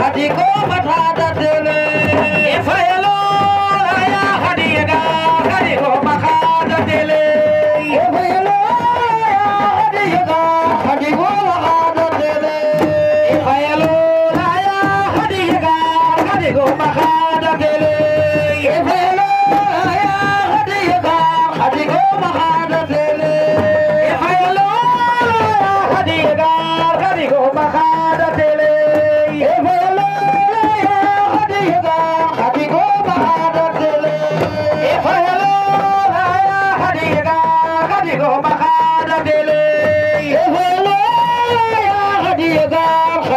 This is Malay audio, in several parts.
Hati ku berhadap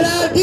Gerard